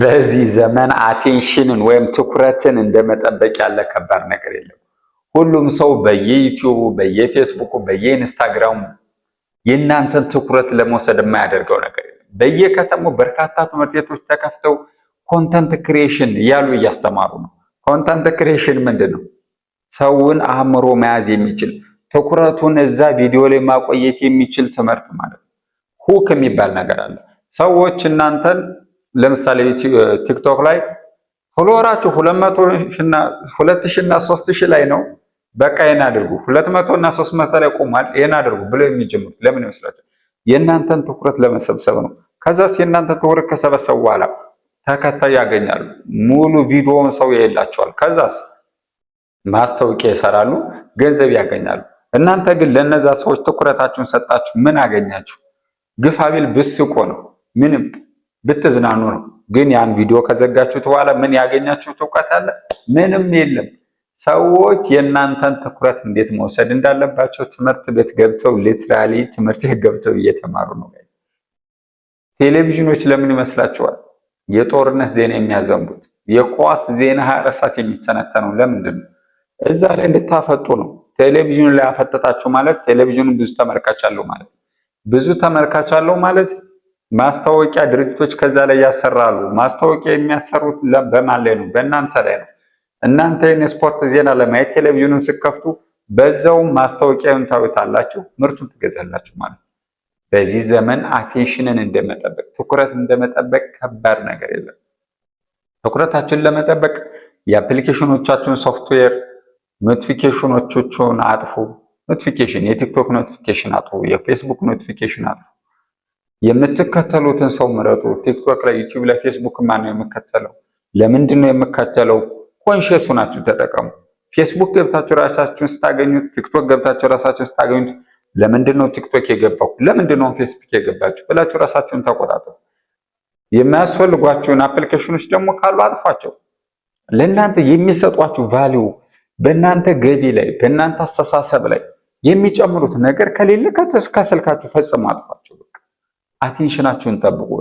በዚህ ዘመን አቴንሽንን ወይም ትኩረትን እንደመጠበቅ ያለ ከባድ ነገር የለም። ሁሉም ሰው በየዩቲዩቡ፣ በየፌስቡኩ፣ በየኢንስታግራሙ የእናንተን ትኩረት ለመውሰድ የማያደርገው ነገር የለም። በየከተማው በርካታ ትምህርት ቤቶች ተከፍተው ኮንተንት ክሪኤሽን እያሉ እያስተማሩ ነው። ኮንተንት ክሪኤሽን ምንድን ነው? ሰውን አእምሮ መያዝ የሚችል ትኩረቱን እዛ ቪዲዮ ላይ ማቆየት የሚችል ትምህርት ማለት ነው። ሁክ የሚባል ነገር አለ። ሰዎች እናንተን ለምሳሌ ቲክቶክ ላይ ፎሎወራችሁ ሁለት መቶ እና ሁለት ሺህ እና ሶስት ሺህ ላይ ነው፣ በቃ ይሄን አድርጉ ሁለት መቶ እና ሶስት መቶ ላይ ቆሟል፣ ይሄን አድርጉ ብለው የሚጀምሩት ለምን ይመስላችኋል? የእናንተን ትኩረት ለመሰብሰብ ነው። ከዛስ የእናንተ ትኩረት ከሰበሰቡ በኋላ ተከታይ ያገኛሉ። ሙሉ ቪዲዮውን ሰው ያይላቸዋል። ከዛስ ማስታወቂያ ይሰራሉ፣ ገንዘብ ያገኛሉ። እናንተ ግን ለነዛ ሰዎች ትኩረታችሁን ሰጣችሁ፣ ምን አገኛችሁ? ግፋቢል ብስቆ ነው ምንም ብትዝናኑ ነው። ግን ያን ቪዲዮ ከዘጋችሁት በኋላ ምን ያገኛችሁት እውቀት አለ? ምንም የለም። ሰዎች የእናንተን ትኩረት እንዴት መውሰድ እንዳለባቸው ትምህርት ቤት ገብተው ሊትራሊ ትምህርት ቤት ገብተው እየተማሩ ነው። ቴሌቪዥኖች ለምን ይመስላችኋል የጦርነት ዜና የሚያዘንቡት? የኳስ ዜና ሀያ አራት ሰዓት የሚተነተነው ለምንድን ነው? እዛ ላይ እንድታፈጡ ነው። ቴሌቪዥኑ ላይ አፈጠጣችሁ ማለት ቴሌቪዥኑ ብዙ ተመልካች አለው ማለት ብዙ ተመልካች አለው ማለት ማስታወቂያ ድርጅቶች ከዛ ላይ ያሰራሉ። ማስታወቂያ የሚያሰሩት በማን ላይ ነው? በእናንተ ላይ ነው። እናንተ የስፖርት ዜና ለማየት ቴሌቪዥኑን ስከፍቱ በዛውም ማስታወቂያውን አላችሁ ምርቱን ትገዛላችሁ ማለት ነው። በዚህ ዘመን አቴንሽንን እንደመጠበቅ ትኩረት እንደመጠበቅ ከባድ ነገር የለም። ትኩረታችሁን ለመጠበቅ የአፕሊኬሽኖቻችሁን ሶፍትዌር ኖቲፊኬሽኖቹን አጥፉ። ኖቲፊኬሽን የቲክቶክ ኖቲፊኬሽን አጥፉ። የፌስቡክ ኖቲፊኬሽን አጥፉ። የምትከተሉትን ሰው ምረጡ። ቲክቶክ ላይ፣ ዩቲዩብ ላይ፣ ፌስቡክ ማን ነው የምከተለው? ለምንድን ነው የምከተለው? ኮንሽስ ሆናችሁ ተጠቀሙ። ፌስቡክ ገብታችሁ ራሳችሁን ስታገኙት፣ ቲክቶክ ገብታችሁ ራሳችሁን ስታገኙት፣ ለምንድን ነው ቲክቶክ የገባው? ለምንድን ነው ፌስቡክ የገባችሁ ብላችሁ ራሳችሁን ተቆጣጠሩ። የማያስፈልጓችሁን አፕሊኬሽኖች ደግሞ ካሉ አጥፏቸው። ለእናንተ የሚሰጧችሁ ቫሊዩ በእናንተ ገቢ ላይ በእናንተ አስተሳሰብ ላይ የሚጨምሩት ነገር ከሌለ ከስልካችሁ ፈጽሞ አጥፏል። አቴንሽናችሁን ጠብቁ።